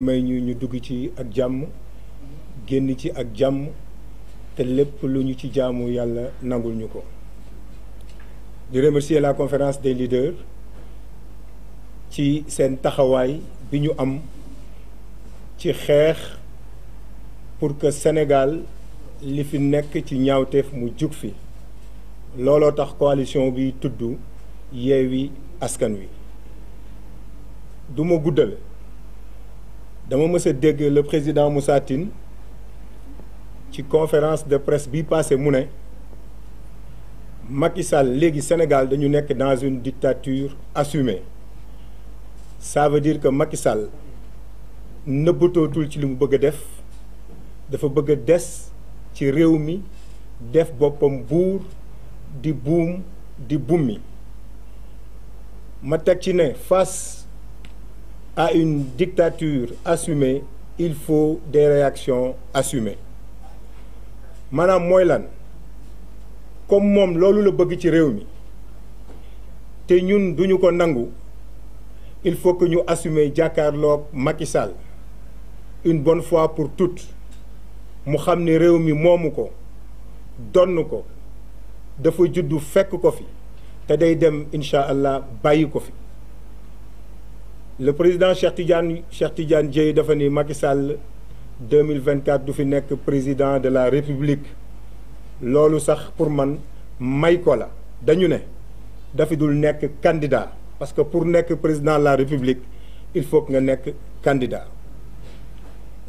may ñu ñu dugg ci ak jàmm génn ci ak jàmm te lépp lu ñu ci jaamu yàlla nangul ñu ko di remercier la conférence des leaders ci seen taxawaay bi ñu am ci xeex pour que Sénégal li fi nekk ci ñaawteef mu jug fi looloo tax coalition bi tudd Yewwi Askan Wi duma guddal dama mës a dégg le président Moussa ci conférence de presse bi passé mu ne Macky Sall léegi Sénégal dañu nekk dans une dictature assumée ça veut dire que Macky Sall nëbbatootul ci li mu bëgg a def dafa bëgg des ci réew mi def boppam buur di buum di bummi ma teg ci ne face à une dictature assumée il faut des réactions assumées maanaam mooy lan comme moom loolu la bëgg ci réew mi te ñun duñu ko nangu il faut que ñu assumer jàkkaarloog Macky une bonne fois pour tout mu xam ni réew mi moomu ko donn ko dafa juddu fekk ko fi te day dem incha allah bàyyi ko fi. le président Cheikh Tidiane Cheikh Tidiane Dièye dafa ni Macky Sall 2024 du fi nekk président de la république loolu sax pour man may ko la dañu ne dafi dul nekk candidat parce que pour nekk président la république il faut que nga nekk candidat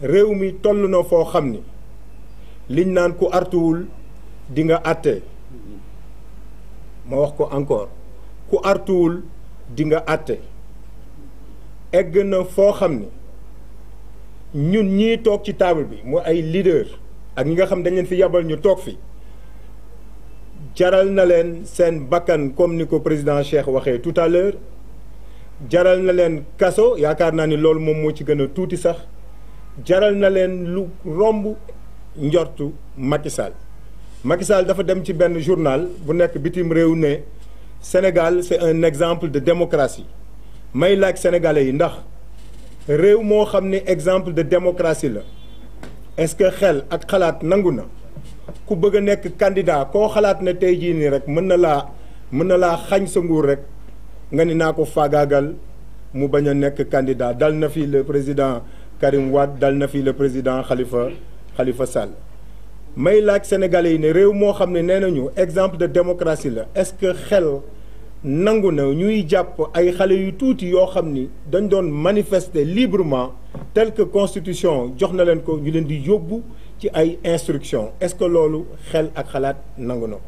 réew mi toll na foo xam ni liñ naan ku artuwul di nga àtte ma wax ko encore ku artuwul di nga àtte egg na foo xam ne ñun ñii toog ci taabal bi mu ay leader ak ñi nga xam dañ fi yabal ñu toog fi jaral na leen seen bakkan comme ni ko président Cheikh waxee tout jaral na leen kaso yaakaar naa ni loolu moom moo ci gën a tuuti sax jaral na leen lu romb njortu Macky Sall dafa dem ci benn journal bu nekk bitim réew ne Sénégal c'est un exemple de démocratie may laaj sénégalais yi ndax réew moo xam ne exemple de démocratie la est-ce que xel ak xalaat nangu na ku bëgg a nekk candidat koo xalaat ne tey jii nii rek mën na laa mën na laa xañ sa nguur rek nga ni naa ko faagaagal mu bañ a nekk candidat dal na fi le président Karim Wade dal na fi le président Khalifa Khalifa Sall may laaj sénégalais yi ne réew moo xam ne nee nañu exemple de démocratie la est-ce que xel nangu na ñuy jàpp ay xale yu tuuti yoo xam ni dañ doon manifester librement tel que constitution jox na leen ko ñu leen di yóbbu ci ay instruction est-ce que loolu xel ak xalaat nangu na ko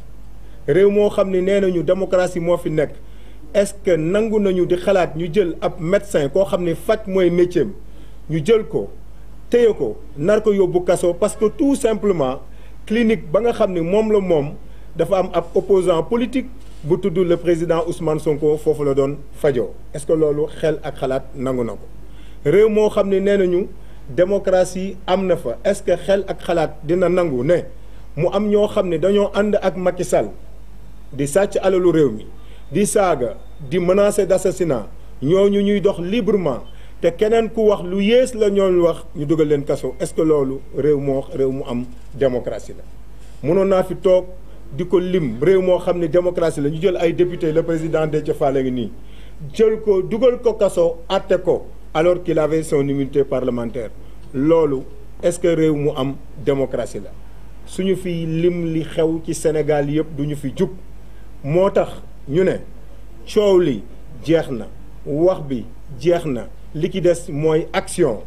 réew moo xam ni nee nañu démocratie moo fi nekk est nangu nañu di xalaat ñu jël ab médecin koo xam ne faj mooy métier ñu jël ko téye ko nar ko yóbbu kaso parce que tout simplement clinique ba nga xam ne moom la moom dafa am ab opposant politique bu tudd le président Ousmane Sonko foofu la doon fajoo est-ce que loolu xel ak xalaat nangu na ko réew moo xam ne nee nañu démocratie am na fa est-ce que xel ak xalaat dina nangu ne mu am ñoo xam ne dañoo ànd ak Macky di sàcc alalu réew mi di saaga di menacer d'assassinat ñooñu ñuy dox librement te keneen ku wax lu yées la ñooñu wax ñu dugal leen kaso est-ce que loolu réew moo réew mu am démocratie la mënoon fi toog. di ko lim réew moo xam ne démocratie la ñu jël ay député la président Déthié Fall a ngi nii jël ko dugal ko kaso atte ko alors qu'il avait son immunité parlementaire loolu est-ce que réew mu am démocratie la suñu fi lim li xew ci Sénégal yëpp ñu fi jug moo tax ñu ne coow li jeex na wax bi jeex na li ci des mooy action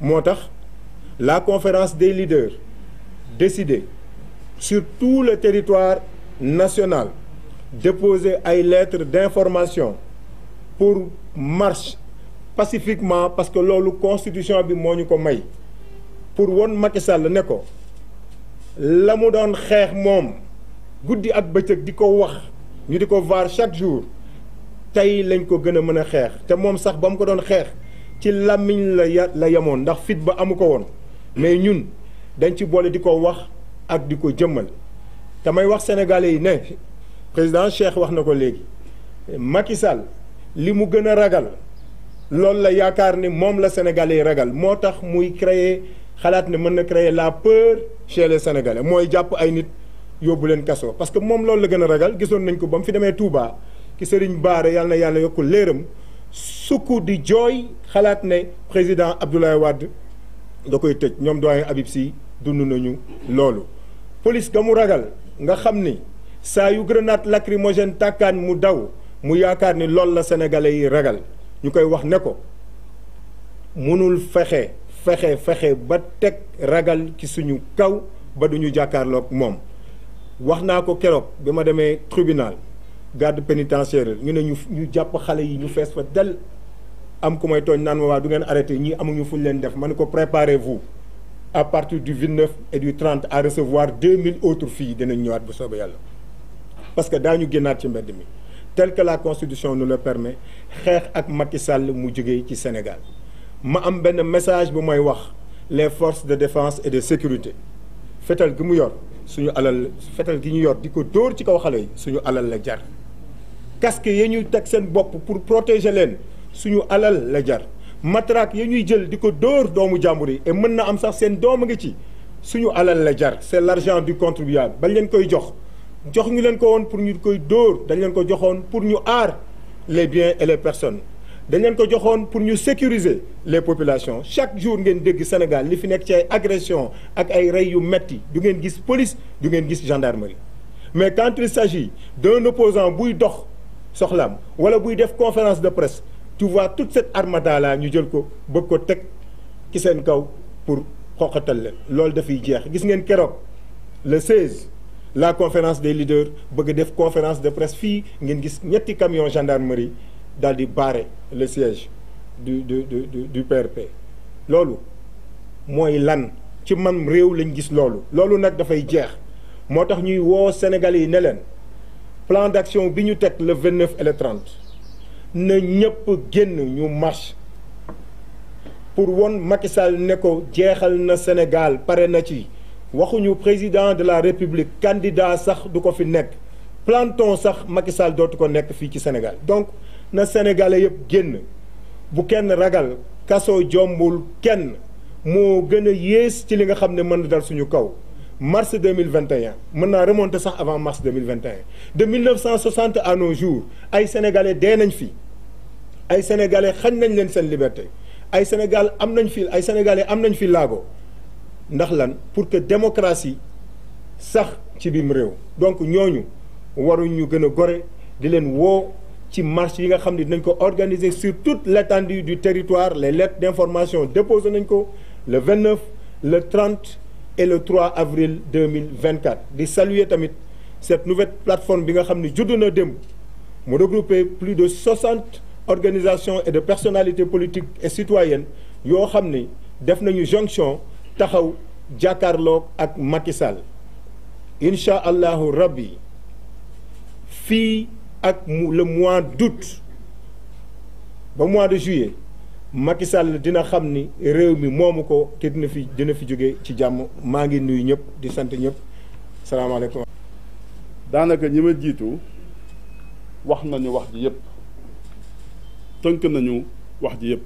moo tax la conférence de leaders décidé sur tout le territoire national déposer ay lettres d'information pour marche pacifiquement parce que loolu constitution bi moo ñu ko may pour won Macky la ne ko la mu doon xeex moom guddi ak bëccëg di ko wax ñu di ko var chaque jour tey lañ ko gën a mën a xeex te moom sax ba mu ko doon xeex ci làmmiñ la ya la yemoon ndax fit ba amu ko woon mais ñun dañ ci boole di ko wax ak di ko jëmmal damay wax sénégalais yi ne président Cheikh wax na ko léegi Macky Sall li mu gën a ragal loolu la yaakaar ne moom la sénégalais yi ragal moo tax muy créer xalaat ne mën na créer la peur chez les sénégalais mooy jàpp ay nit yóbbu leen kaso parce que moom loolu la gën a ragal gisoon nañ ko ba mu fi demee Touba ki Serigne Baara yàlla na yàlla yokk léeram sukku di jooy xalaat ne président Abdoulaye Wade da koy tëj ñoom doyen Habib si dund nañu loolu police ga mu ragal nga xam ni saa yu grenade lacrymogène tàkkaan mu daw mu yaakaar ni loolu la sénégalais yi ragal ñu koy wax ne ko mënul fexe fexe fexe ba teg ragal ci suñu kaw ba duñu jàkkaarloog moom wax naa ko keroog bi ma demee tribunal garde pénitentiaire ñu ne ñu ñu jàpp xale yi ñu fees fa del am ku may tooñ naan waa du ngeen arrêté ñii amuñu fuñ leen def ma ne ko préparez-vous à partir du 29 et du 30 à recevoir 2000 autres filles dinañ ñëwaat bu soobee yàlla parce que daa ñu génnaat ci mbedd mi tel que la constitution nous le permet xeex ak Macky Sall mu jógee ci Sénégal ma am benn message bu may wax les forces de défense et de sécurité fetal gi mu yor suñu alal fetal gi ñu yor di ko dóor ci kaw xale yi suñu alal la jar casque yi ñu teg seen bopp pour protéger leen suñu alal la jar matraque yi ñuy jël di ko dóor doomu jàmbur yi et mën na am sax seen doom a ngi ci suñu alal la jar c'est l'argent du contribuable bañ leen koy jox jox ñu leen ko woon pour ñu koy dóor dañ leen ko joxoon pour ñu aar les biens et les personnes dañ leen ko joxoon pour ñu sécuriser les populations chaque jour ngeen dégg Sénégal li fi nekk ci ay agression ak ay rey yu metti du ngeen gis police du ngeen gis gendarmerie mais quand il s'agit d'un opposant buy dox soxlaam wala buy def conférence de presse tu vois toute cette armada là ñu jël ko bëgg ko teg ci seen kaw pour xoqatal leen loolu dafay jeex gis ngeen keroog le 16 la conférence des leaders bëgg def conférence de presse fii ngeen gis ñetti camion gendarmerie daal di bare le siège du du du PRP. loolu mooy lan ci man réew lañ gis loolu loolu nag dafay jeex moo tax ñuy woo sénégal yi ne leen plan d'action bi ñu teg le 29 et le 30. na ñëpp génn ñu marche pour won Macky Sall ne ko jeexal na Sénégal pare na ci waxuñu président de la République candidat sax du ko fi nekk planton sax Macky Sall dootu ko nekk fii ci Sénégal donc na Sénégalais yëpp génn bu kenn ragal kaso jombul kenn moo gën a yées ci li nga xam ne mën na dal suñu kaw mars 2021 mën naa remonter sax avant mars 2021 de 1960 à nos jours ay sénégalais dee nañ fi ay sénégalais xañ nañ leen seen liberté ay sénégal am nañ fi ay sénégalais am nañ fi laago ndax lan pour que démocratie sax ci biim réew donc ñooñu waruñu gën a gore di leen woo ci marche yi nga xam ni dinañ ko organiser sur toute l'étendue du territoire les lettres d'information déposé nañ ko le 29 le 30 et le 3 avril 2024 di saluer tamit cette nouvelle plateforme bi nga xam ne judd na démb mu regroupé plus de 60 organisation et de personnalités politique et citoyennes yoo xam ni def nañu jonction taxaw jàkkaarloog ak Macky Sall incha rab yi fii ak le mois d'août ba mois de juillet Macky Sall dina xam ni réew mi moomu ko te dina fi dina fi jóge ci jàmm maa ngi nuyu ñëpp di sant ñëpp salaamaaleykum. daanaka ñi ma jiitu wax nañu wax ji yëpp. tënk nañu wax ji yëpp